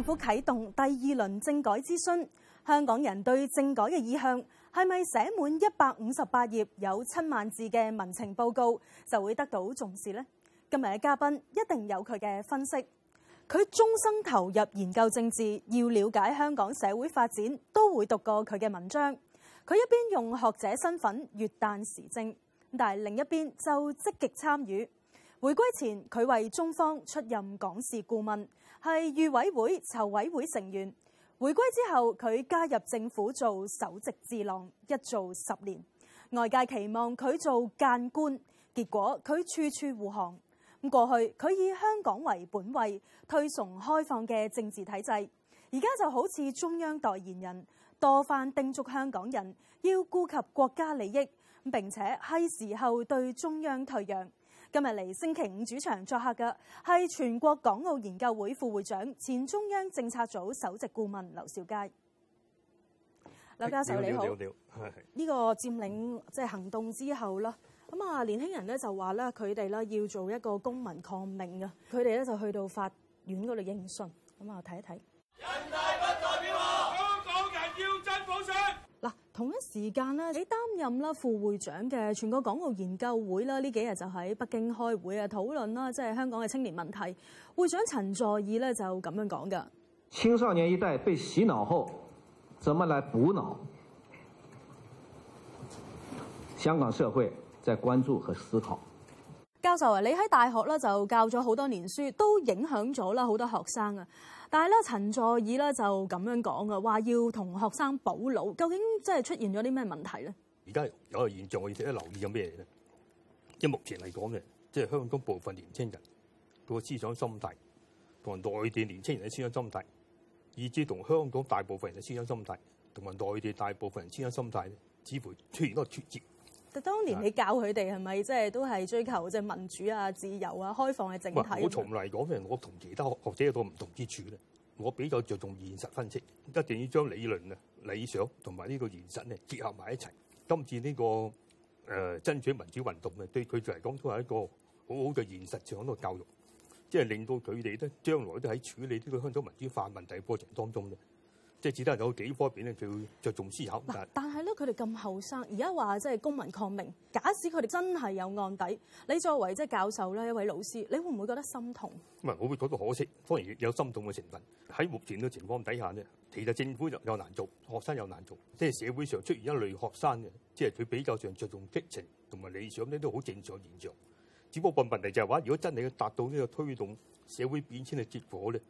政府啟動第二輪政改諮詢，香港人對政改嘅意向係咪寫滿一百五十八頁有七萬字嘅民情報告就會得到重視呢？今日嘅嘉賓一定有佢嘅分析。佢終生投入研究政治，要了解香港社會發展，都會讀過佢嘅文章。佢一邊用學者身份月旦時政，但係另一邊就積極參與。回歸前，佢為中方出任港事顧問，係預委會、籌委會成員。回歸之後，佢加入政府做首席智囊，一做十年。外界期望佢做諫官，結果佢處處護航。過去佢以香港為本位，推崇開放嘅政治體制，而家就好似中央代言人，多番叮囑香港人要顧及國家利益，並且係時候對中央退讓。.今日嚟星期五主場作客嘅係全國港澳研究會副會長、前中央政策組首席顧問劉兆佳。劉教授你好，呢、嗯這個佔領即係、就是、行動之後啦，咁啊年輕人咧就話咧佢哋咧要做一個公民抗命啊，佢哋咧就去到法院嗰度應訊，咁啊睇一睇。同一時間啦，你擔任啦副會長嘅全國港澳研究會啦，呢幾日就喺北京開會啊，討論啦，即係香港嘅青年問題。會長陳佐洱咧就咁樣講噶。青少年一代被洗腦後，怎麼來補腦？香港社會在關注和思考。教授啊，你喺大學啦就教咗好多年書，都影響咗啦好多學生啊。但係咧，陳佐洱咧就咁樣講嘅話，要同學生補腦，究竟即係出現咗啲咩問題咧？而家有個現象，我哋家留意緊咩嘢咧？即係目前嚟講咧，即係香港部分年青人個思想心態同埋內地年青人嘅思想心態，以至同香港大部分人嘅思想心態同埋內地大部分人思想心態，似乎出現一個脱節。當年你教佢哋係咪即係都係追求即係民主啊、自由啊、開放嘅、啊、政體？我從嚟講，我同其他學者有個唔同之處咧，我比較着重現實分析，一定要將理論啊、理想同埋呢個現實咧結合埋一齊。今次呢、這個誒、呃、爭取民主運動啊，對佢哋嚟講都係一個好好嘅現實上嘅教育，即係令到佢哋咧將來都喺處理呢個香港民主化問題過程當中咧。即係只得有幾方面咧，就會着重思考。但係咧，佢哋咁後生，而家話即係公民抗命。假使佢哋真係有案底，你作為即係教授咧，一位老師，你會唔會覺得心痛？唔係，我會覺得可惜，當然有心痛嘅成分。喺目前嘅情況底下呢，其實政府就又難做，學生又難做。即係社會上出現一類學生嘅，即係佢比較上着重激情同埋理想呢，都好正常嘅現象。只不過問問題就係話，如果真係要達到呢個推動社會變遷嘅結果咧。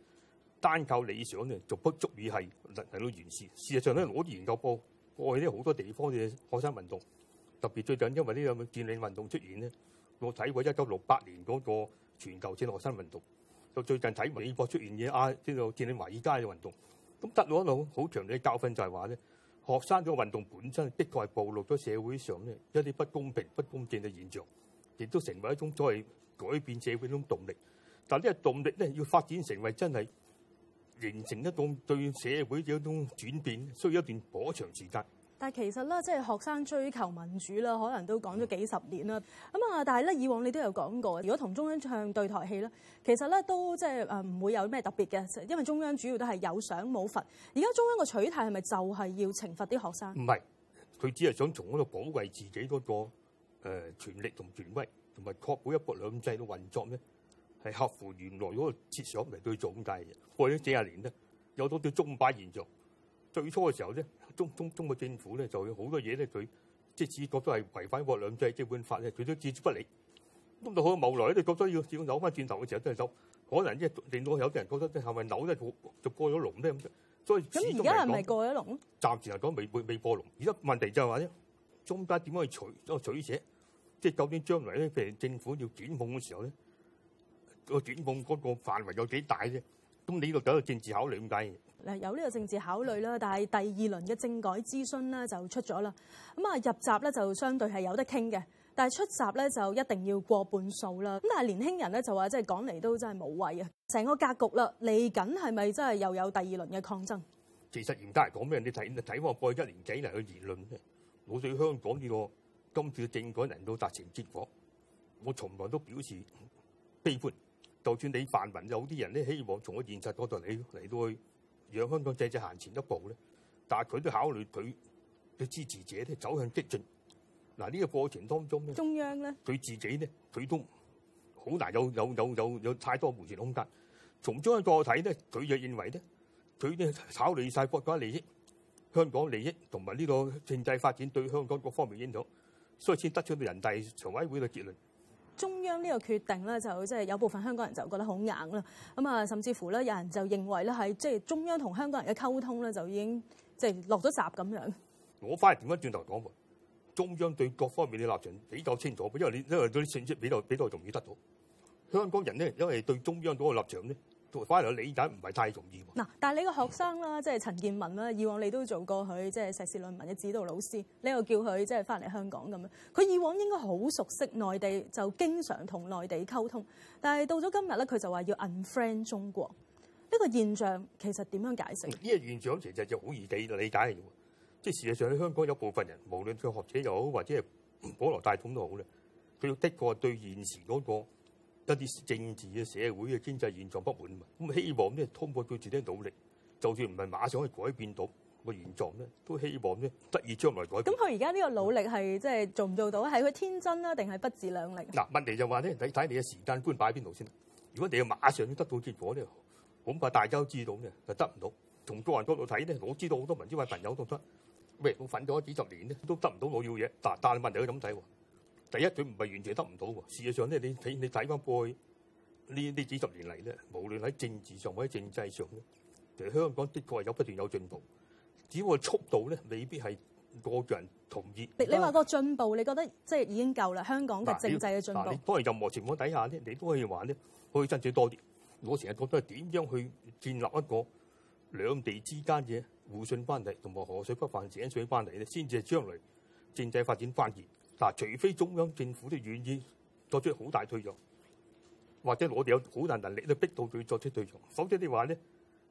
單靠理想咧，就不足以係嚟嚟到完善。事實上咧，我研究過過去咧好多地方嘅學生運動，特別最近因為呢個佔領運動出現咧，我睇過一九六八年嗰個全球性學生運動，到最近睇美國出現嘅啊，呢個佔領華爾街嘅運動。咁得到一種好強烈嘅教訓就係話咧，學生嘅運動本身的確係暴露咗社會上咧一啲不公平、不公正嘅現象，亦都成為一種所謂改變社會一種動力。但呢個動力咧，要發展成為真係。形成一種對社會有一種轉變，需要一段頗長時間。但係其實咧，即係學生追求民主啦，可能都講咗幾十年啦。咁、嗯、啊、嗯，但係咧，以往你都有講過，如果同中央唱對台戲咧，其實咧都即係誒唔會有咩特別嘅，因為中央主要都係有賞冇罰。而家中央嘅取態係咪就係要懲罰啲學生？唔係，佢只係想從嗰度保衞自己嗰、嗰個誒、呃、權力同權威，同埋確保一國兩制嘅運作咧。係合乎原來嗰個設想嚟，對做咁大嘢過咗幾廿年咧，有好多中巴現象。最初嘅時候咧，中中中國政府咧，就有好多嘢咧，佢即係只覺得係違反一國兩制基本法咧，佢都置之不理。咁到好後來咧，就覺得要始扭翻轉頭嘅時候都係走，可能即係令到有啲人覺得即係係咪扭得就過咗龍咧咁。所以咁而家係咪過咗龍？暫時嚟講未未未過龍。而家問題就係話咧，中巴點樣去取咗取捨，即係究竟將來咧，譬如政府要轉控嘅時候咧？個轉動嗰個範圍有幾大啫？咁你呢個都有政治考慮點解？誒有呢個政治考慮啦，但係第二輪嘅政改諮詢咧就出咗啦。咁啊入閘咧就相對係有得傾嘅，但係出閘咧就一定要過半數啦。咁但係年輕人咧就話即係講嚟都真係冇謂啊！成個格局啦，嚟緊係咪真係又有第二輪嘅抗爭？其實而家嚟講咩？你睇睇我過去一年幾嚟嘅言論咧，我對香港呢、呢個今次嘅政改能夠達成結果，我從來都表示悲觀。就算你泛民有啲人咧，希望從個現實角度嚟，嚟到去讓香港政制行前一步咧，但係佢都考慮佢嘅支持者咧走向激進。嗱、這、呢個過程當中咧，中央咧，佢自己咧，佢都好難有有有有有太多回旋空間，從中央角度睇咧，佢就認為咧，佢咧考慮晒國家利益、香港利益同埋呢個政制發展對香港各方面影響，所以先得出到人大常委會嘅結論。中央呢個決定咧，就即係有部分香港人就覺得好硬啦。咁啊，甚至乎咧，有人就認為咧，係即係中央同香港人嘅溝通咧，就已經即係落咗閘咁樣。我反而點翻轉頭講喎，中央對各方面嘅立場比較清楚，因為你因為對啲信息比較比較容易得到。香港人咧，因為對中央嗰個立場咧，反而嚟理解唔係太容易喎。嗱，但係你個學生啦，即係陳建文啦，以往你都做過佢即係碩士論文嘅指導老師，你又叫佢即係翻嚟香港咁樣，佢以往應該好熟悉內地，就經常同內地溝通。但係到咗今日咧，佢就話要 unfriend 中國，呢個現象其實點樣解釋？呢個現象其實就好易地理解嘅，即係事實上喺香港有部分人，無論佢學者又好，或者係普羅大統都好咧，佢要的確對現時嗰個。一啲政治啊、社會啊、經濟現狀不滿，咁希望咧，通過佢自己努力，就算唔係馬上去改變到個現狀咧，都希望咧得以將來改變。咁佢而家呢個努力係即係做唔做到咧？係佢天真啦，定係不自量力？嗱、啊，問題就話咧，睇睇你嘅時間觀擺喺邊度先。如果你要馬上要得到結果咧，恐怕大家都知道咧就得唔到。從個人角度睇咧，我知道好多民主派朋友都得喂，我瞓咗幾十年咧都得唔到我要嘢。但但問題佢咁睇喎第一佢唔係完全得唔到喎，事實上咧，你睇你睇翻過去呢呢幾十年嚟咧，無論喺政治上或者政制上咧，其實香港的確係有不斷有進步，只不過速度咧未必係個個人同意。你你話個進步、啊，你覺得即係已經夠啦？香港嘅政制嘅進步。啊你啊、你當然任何情況底下咧，你都可以話咧可以爭取多啲。我成日覺得係點樣去建立一個兩地之間嘅互信關係，同埋河水不犯井水關係咧，先至係將來政制發展關鍵。嗱，除非中央政府都願意作出好大退讓，或者我哋有好大能力咧逼到佢作出退讓，否則嘅話咧，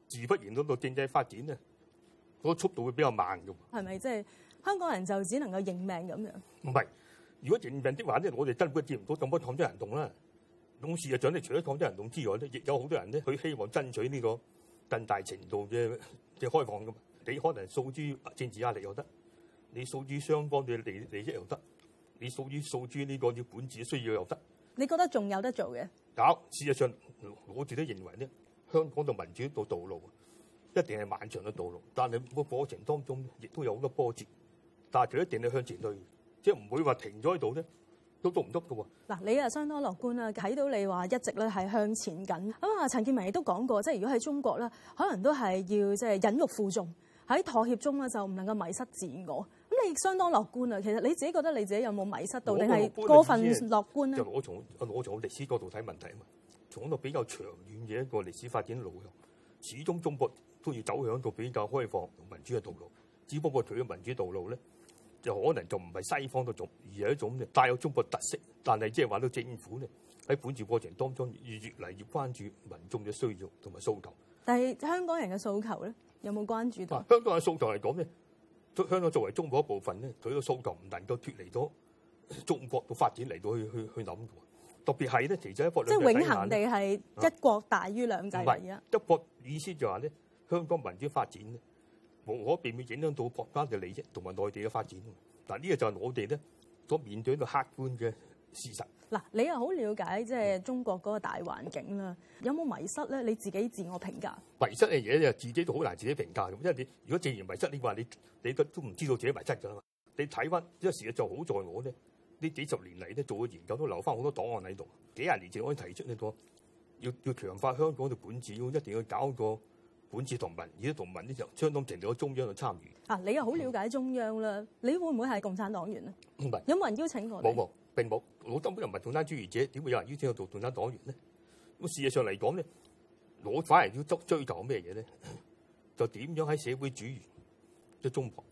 自不然嗰個政制發展咧，嗰、那個速度會比較慢嘅。係咪即係香港人就只能夠認命咁樣？唔係，如果認命的話咧，我哋真係接唔到咁多抗爭行動啦。董事長，你除咗抗爭行動之外咧，亦有好多人咧，佢希望爭取呢個更大程度嘅嘅開放嘅嘛。你可能訴諸政治壓力又得，你訴諸相關嘅利利益又得。你掃於掃專呢個要管治，需要有得。你覺得仲有得做嘅？搞事實上，我自己認為咧，香港同民主道路一定係漫長嘅道路，但係個過程當中亦都有好多波折，但係佢一定要向前去，即係唔會話停咗喺度咧，都築唔築嘅喎。嗱，你又相當樂觀啦，睇到你話一直咧係向前緊。咁啊，陳健民亦都講過，即係如果喺中國咧，可能都係要即係忍辱負重喺妥協中咧，就唔能夠迷失自我。亦相當樂觀啊！其實你自己覺得你自己有冇迷失到？定係過分樂觀咧？就攞從攞從歷史角度睇問題啊嘛，從嗰度比較長遠嘅一個歷史發展路向，始終中國都要走向一個比較開放同民主嘅道路。只不過，佢嘅民主道路咧，就可能就唔係西方嗰種，而係一種帶有中國特色，但係即係話到政府咧喺管治過程當中，越嚟越關注民眾嘅需要同埋訴求。但係香港人嘅訴求咧，有冇關注到？啊、香港人嘅訴求嚟講呢？香港作為中國一部分咧，佢個訴求唔能夠脱離咗中國嘅發展嚟到去去去諗㗎。特別係咧，其中一國兩制係永恆地係一國大於兩制。而、啊、家。一國意思就話、是、咧，香港民主發展無可避免影響到國家嘅利益同埋內地嘅發展。但係呢個就係我哋咧所面對一個客觀嘅事實嗱，你又好了解即係中國嗰個大環境啦，有冇迷失咧？你自己自我評價？迷失嘅嘢咧，自己都好難自己評價咁，因為你如果自言迷失，你話你你都唔知道自己迷失㗎嘛。你睇翻呢個就好在我咧，呢幾十年嚟咧做嘅研究都留翻好多檔案喺度，幾廿年前我以提出呢個要要強化香港嘅管治，要一定要搞個管治同盟，而家同盟呢，就相當程度中央就參與。啊，你又好了解中央啦，嗯，你會唔會係共產黨員咧？唔係。有冇人邀請我？冇冇，並冇。我根本就唔係共產主義者，點會有人邀請我做共產黨員呢？咁事實上嚟講呢，我反而要追追求咩嘢咧？就點樣喺社會主義即係中國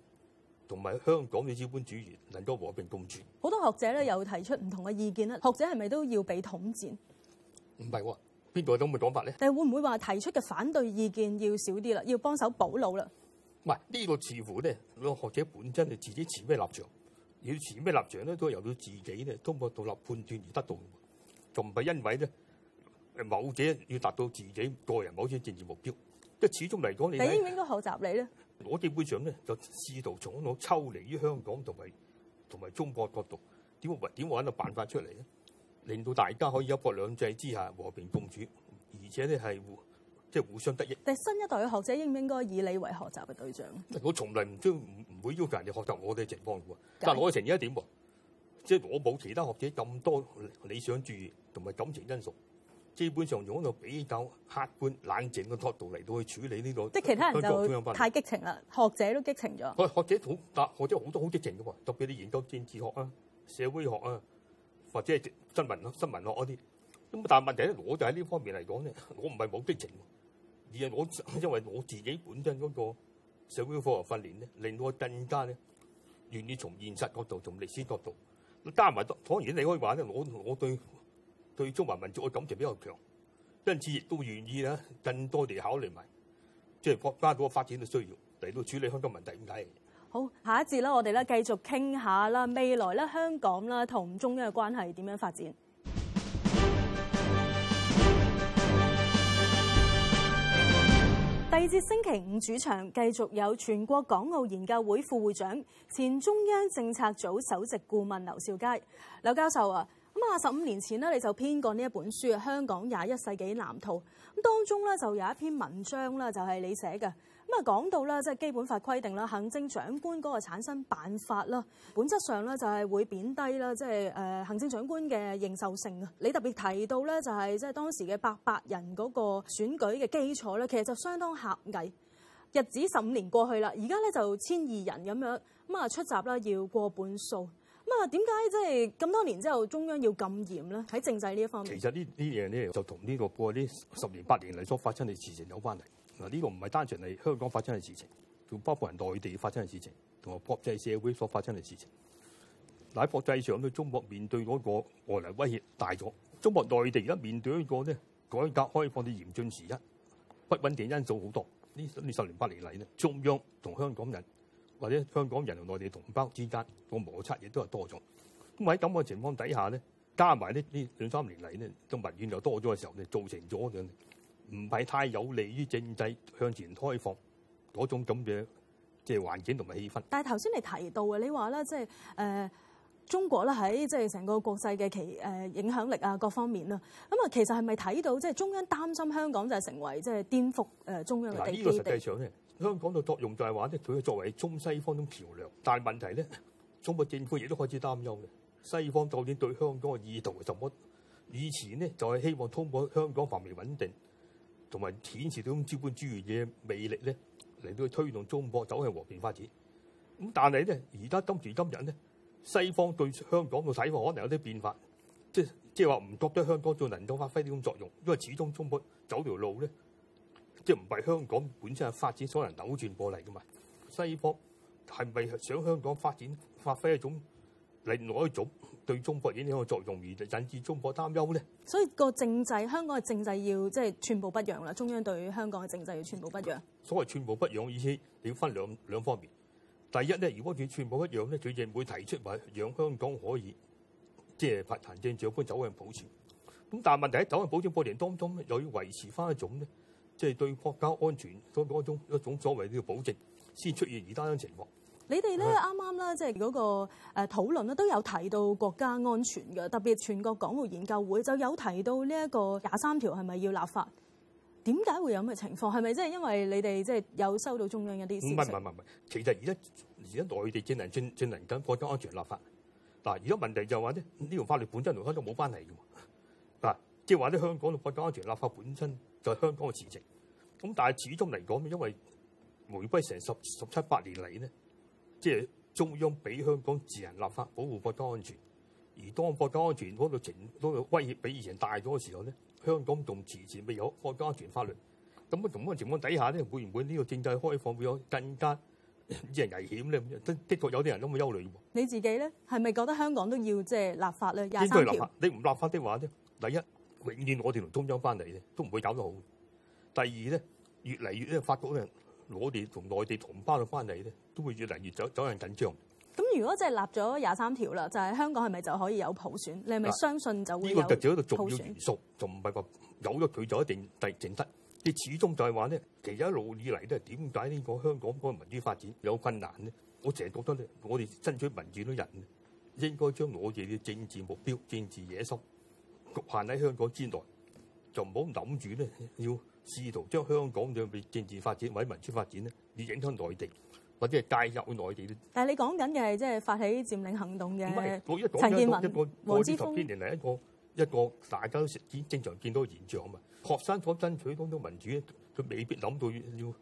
同埋香港嘅資本主義能夠和平共處？好多學者咧又提出唔同嘅意見啦、嗯，學者係咪都要被統戰？唔係喎，邊度有咁嘅講法咧？但係會唔會話提出嘅反對意見要少啲啦？要幫手保老啦？唔係呢個似乎咧，學者本身係自己持咩立場。要持咩立場咧，都係由佢自己咧通過獨立判斷而得到，仲唔係因為咧某者要達到自己個人某者政治目標，即係始終嚟講你。你應該學習你咧。我基本上咧就試圖從嗰度抽離於香港同埋同埋中國角度，點揾點揾個辦法出嚟咧，令到大家可以一國兩制之下和平共處，而且咧係。即係互相得益。但係新一代嘅學者應唔應該以你為學習嘅對象？我從來唔中唔唔會要求人哋學習我哋嘅情況喎。但係我嘅情況點噃？即係我冇其他學者咁多理想主義同埋感情因素，基本上用一個比較客觀冷靜嘅角度嚟到去處理呢個。即係其他人就太激情啦，學者都激情咗。喂，學者好大，學者好多好激情嘅喎，特別你研究政治學啊、社會學啊，或者係新聞新聞學嗰啲。咁但係問題咧，我就喺呢方面嚟講咧，我唔係冇激情。我因為我自己本身嗰個社會科學訓練咧，令我更加咧願意從現實角度、從歷史角度，加埋當然你可以話咧，我我對對中華民族嘅感情比較強，因此亦都願意咧更多地考慮埋，即係國家嗰個發展嘅需要嚟到處理香港問題。好，下一節啦，我哋咧繼續傾下啦，未來咧香港啦同中央嘅關係點樣發展？第二節星期五主場繼續有全國港澳研究會副會長、前中央政策組首席顧問劉兆佳劉教授啊，咁啊十五年前你就編過呢一本書《香港廿一世紀藍圖》，咁當中咧就有一篇文章啦，就係你寫嘅。咁啊，講到咧，即係基本法規定咧，行政長官嗰個產生辦法啦，本質上咧就係會貶低啦，即係誒行政長官嘅認受性啊。你特別提到咧，就係即係當時嘅八百人嗰個選舉嘅基礎咧，其實就相當狹隘。日子十五年過去啦，而家咧就千二人咁樣，咁啊出閘啦要過半數，咁啊點解即係咁多年之後中央要咁嚴咧？喺政制呢一方面，其實呢啲嘢就同呢個過啲十年八年嚟所發生嘅事情有關係。嗱，呢個唔係單純係香港發生嘅事情，仲包括人內地發生嘅事情，同埋國際社會所發生嘅事情。喺國際上，對中國面對嗰個外來威脅大咗，中國內地而家面對一個咧改革開放嘅嚴峻時刻，不穩定因素好多。呢呢十年八年嚟咧，中央同香港人或者香港人同內地同胞之間個摩擦亦都係多咗。咁喺咁嘅情況底下咧，加埋咧呢兩三年嚟呢，個民怨又多咗嘅時候咧，造成咗嘅唔係太有利於政制向前開放嗰種咁嘅即係環境同埋氣氛。但係頭先你提到嘅，你話咧即係誒、呃、中國咧喺即係成個國際嘅其誒、呃、影響力啊各方面啦。咁啊，其實係咪睇到即係中央擔心香港就係成為即係顛覆誒中央的、這個、實際呢個實際上咧，香港嘅作用就係話咧，佢係作為中西方種橋梁。但係問題咧，中國政府亦都開始擔憂嘅西方究竟對香港嘅意圖係什麼？以前呢，就係、是、希望通過香港繁榮穩定。同埋顯示到咁資本主義嘅魅力咧，嚟到去推動中國走向和平發展。咁但係咧，而家今時今日咧，西方對香港嘅睇法可能有啲變化，即係即係話唔覺得香港再能夠發揮呢種作用，因為始終中國走條路咧，即係唔係香港本身嘅發展所能扭轉過嚟嘅嘛。西方係咪想香港發展發揮一種？另外一種對中國影響嘅作用而引致中國擔憂咧，所以個政制香港嘅政制要即係全部不讓啦，中央對香港嘅政制要全部不讓。所謂全部不讓意思，你要分兩兩方面。第一咧，如果佢全部不讓咧，佢就會提出話讓香港可以即係行政長官走行保選。咁但係問題喺走行保選過程當中咧，又要維持翻一種咧，即係對國家安全當中一,一種所謂呢保證，先出現而單一情況。你哋咧啱啱啦，即係嗰個誒討論咧都有提到國家安全嘅，特別全國港澳研究會就有提到呢一個廿三條係咪要立法？點解會有咁嘅情況？係咪即係因為你哋即係有收到中央一啲消息？唔係唔係唔係，其實而家而家內地正能進進能緊國家安全立法嗱。而家問題就話咧，呢條法律本身同香港冇關係嘅嗱，即係話咧香港嘅國家安全立法本身就係香港嘅事情咁，但係始終嚟講，因為回歸成十十七八年嚟咧。即係中央俾香港自行立法保護國家安全，而當國家安全嗰個情威脅比以前大咗嘅時候咧，香港仲遲遲未有國家安全法律。咁啊，咁嘅情況底下咧，會唔會呢個政制開放會有更加即係危險咧。的確有啲人都咁憂慮。你自己咧，係咪覺得香港都要即係立法咧？廿三條立法。你唔立法的話咧，第一永遠我哋同中央翻嚟咧都唔會搞得好。第二咧，越嚟越咧，法國咧。我哋同內地同胞嘅關係咧，都會越嚟越走走向緊張。咁如果即係立咗廿三條啦，就係、是、香港係咪就可以有普選？你係咪相信就會有普選？呢、啊這個就只係一個重要元素，就唔係話有咗佢就一定得淨得。你始終就係話咧，其實一路以嚟都係點解呢個香港嘅民主發展有困難呢？我成日覺得咧，我哋爭取民主嘅人，應該將我哋嘅政治目標、政治野心局限喺香港之內，就唔好諗住咧要。試圖將香港嘅政治發展或者民主發展咧，要影響內地或者係介入內地咧。但係你講緊嘅係即係發起佔領行動嘅。唔係，我一講咗一，一個年嚟一個一個大家都經常見到嘅現象啊嘛。學生所爭取當中民主，佢未必諗到要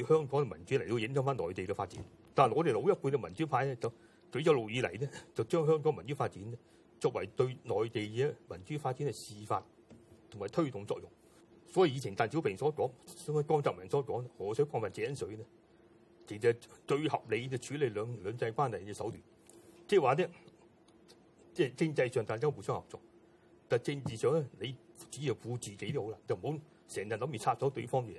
要香港嘅民主嚟到影響翻內地嘅發展。但係我哋老一輩嘅民主派咧，就舉咗路以嚟咧，就將香港民主發展咧作為對內地嘅民主發展嘅示範同埋推動作用。所以以前鄧小平所講，所以江澤民所講，河水放埋井水呢，其實最合理嘅處理兩兩制關係嘅手段，即係話咧，即係經濟上大家互相合作，但政治上咧，你只要顧自己都好啦，就唔好成日諗住拆咗對方嘅嘢。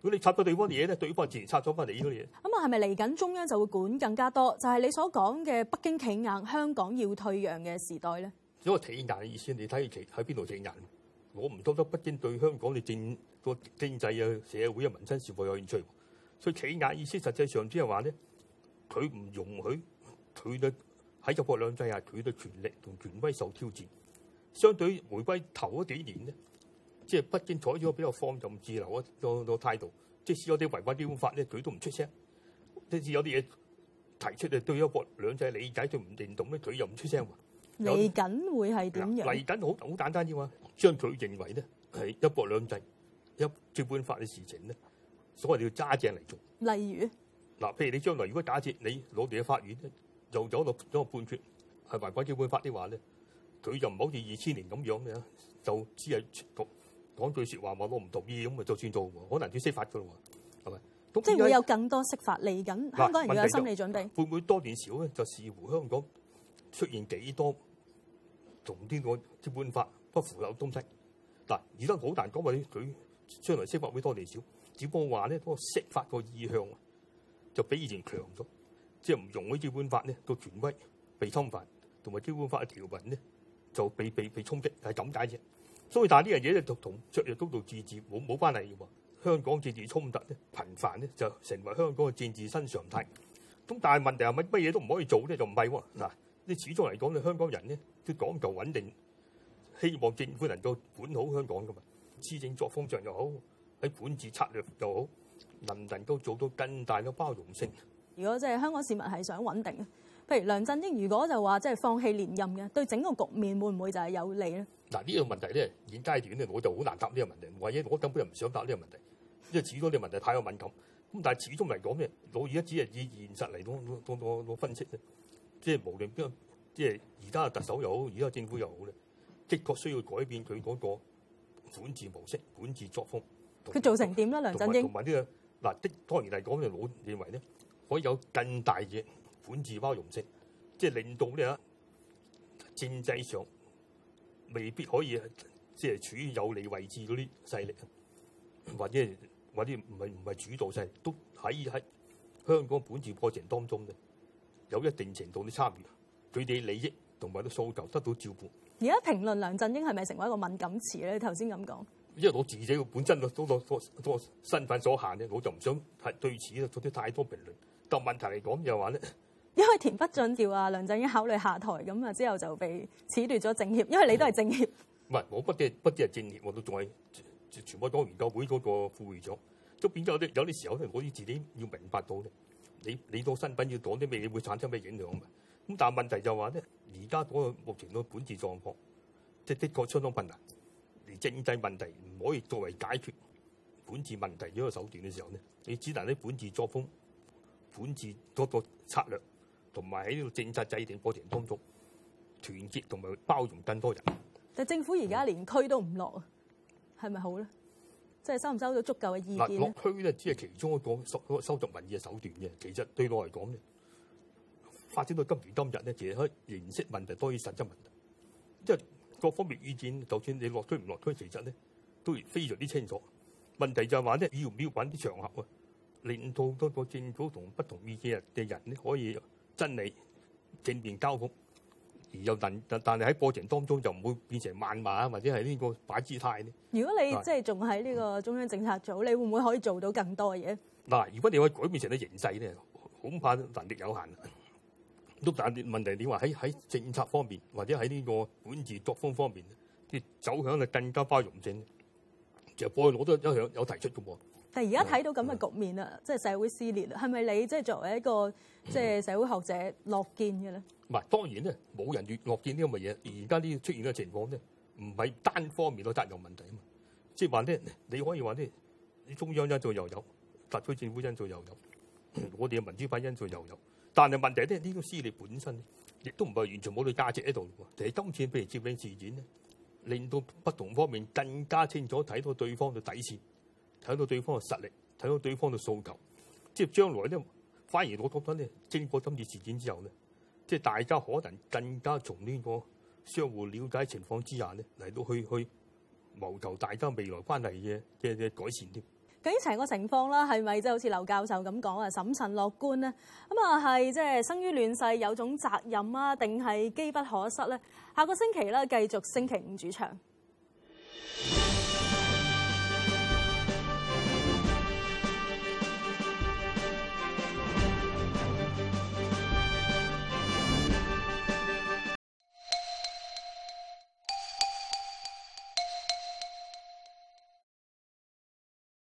如果你拆咗對方嘅嘢咧，對方自然拆咗翻嚟呢啲嘢。咁啊，係咪嚟緊中央就會管更加多，就係你所講嘅北京企硬，香港要退讓嘅時代咧？所以企硬嘅意思，你睇佢喺邊度企硬？我唔覺得北京對香港嘅政個經濟啊、社會啊、民生是否有興趣？所以企眼意思，實際上即係話咧，佢唔容許佢對喺一國兩制下，佢對權力同權威受挑戰。相對回歸頭嗰幾年咧，即係北京採取比較放任自流嘅個個態度，即使有啲違規違法咧，佢都唔出聲。即使有啲嘢提出嚟對一國兩制理解佢唔認同咧，佢又唔出聲。嚟緊會係點樣？嚟緊好好簡單啫嘛～將佢認為咧係一國兩制一基本法嘅事情咧，所謂你要揸正嚟做。例如嗱，譬如你將來如果假設你攞地嘅法院咧，又走到咗個判決係違規基本法的話咧，佢就唔好似二千年咁樣咩啊？就只係講句説話話我唔同意咁咪就算做，可能要釋法嘅喎，係咪？即係會有更多釋法嚟緊，香港人要有心理準備。就會唔會多年少咧？就視乎香港出現幾多同呢個基本法。不腐朽東西，嗱而家好難講喎，佢將來釋法會多定少？只不過話咧個釋法個意向就比以前強咗，即係唔容許基本法咧個權威被侵犯，同埋基本法嘅條文咧就被被被衝擊，係咁解啫。所以但係呢樣嘢咧就同卓越高度自治冇冇關係嘅喎，香港政治衝突咧頻繁咧就成為香港嘅政治新常態。咁但係問題係乜乜嘢都唔可以做咧，就唔係喎嗱。你始終嚟講，你香港人咧都講求穩定。希望政府能夠管好香港噶嘛？施政作風上又好，喺管治策略又好，能唔能夠做到更大嘅包容性。如果即係香港市民係想穩定，譬如梁振英如果就話即係放棄連任嘅，對整個局面會唔會就係有利咧？嗱，呢個問題咧，現階段咧，我就好難答呢個問題。或者我根本就唔想答呢個問題，因為始終呢個問題太有敏感。咁但係始終嚟講咧，我而家只係以現實嚟，我我，我分析嘅，即係無論邊即係而家特首又好，而家政府又好咧。的確需要改變佢嗰個管治模式、管治作風。佢做成點啦？梁振英同埋呢個嗱的，當然嚟講，我認為咧，可以有更大嘅管治包容性，即係令到咧啊，政制上未必可以即係處於有利位置嗰啲勢力，或者或者唔係唔係主導勢，都喺喺香港管治過程當中咧，有一定程度嘅參與，佢哋利益同埋啲訴求得到照顧。而家評論梁振英係咪成為一個敏感詞咧？頭先咁講，因為我自己本身個多多身份所限咧，我就唔想對此做啲太多評論。但問題嚟講就話咧，因為田北俊叫啊梁振英考慮下台咁啊，之後就被褫奪咗政協，因為你都係政協。唔係，我唔止唔止係政協，我都仲係全國港澳研究會嗰個副會長。變咗有啲有啲時候咧，我哋自己要明白到咧，你你個身份要講啲咩，會產生咩影響嘛？咁但問題就話咧。而家嗰個目前個管治狀況，即係的確相當困難。而政制問題唔可以作為解決管治問題呢個手段嘅時候咧，你只能喺管治作風、管治嗰個策略，同埋喺呢個政策制定過程當中，團結同埋包容更多人。但政府而家連區都唔落，係、嗯、咪好咧？即係收唔收到足夠嘅意見咧？落區咧，只係其中一個收一個收集民意嘅手段嘅，其實對我嚟講咧。發展到今時今日咧，亦係形式問題多於實質問題，即係各方面意見，就算你落區唔落區，其實咧都非常之清楚。問題就係話咧，要唔要揾啲場合啊，令到多個政府同不同意見嘅人咧可以真嚟正面交鋒，而又能但係喺過程當中就唔會變成漫罵或者係呢個擺姿態咧。如果你即係仲喺呢個中央政策組，嗯、你會唔會可以做到更多嘢？嗱，如果你可以改變成啲形勢咧，恐怕能力有限。都但係問題，你話喺喺政策方面，或者喺呢個管治作風方面，啲走向係更加包容性，其實過去我都一向有有提出嘅，但係而家睇到咁嘅局面啦、嗯，即係社會撕裂，係咪你即係作為一個即係社會學者、嗯、樂見嘅咧？唔係，當然咧，冇人越樂見呢咁嘅嘢。而家呢出現嘅情況咧，唔係單方面個責任問題啊嘛。即係話咧，你可以話啲中央因素又有，特區政府因素又有，我哋嘅民主派因素又有。但係問題咧，呢、這個思慮本身亦都唔係完全冇到價值喺度喎。就喺今次譬如佔領事件咧，令到不同方面更加清楚睇到對方嘅底線，睇到對方嘅實力，睇到對方嘅訴求。即係將來咧，反而我覺得咧，經過今次事件之後咧，即係大家可能更加從呢個相互了解情況之下咧，嚟到去去謀求大家未來關係嘅嘅嘅改善添。究竟成個情況啦，係咪即係好似劉教授咁講啊？審慎樂觀呢？咁啊係即係生於亂世有種責任啊，定係機不可失呢？下個星期呢，繼續星期五主場。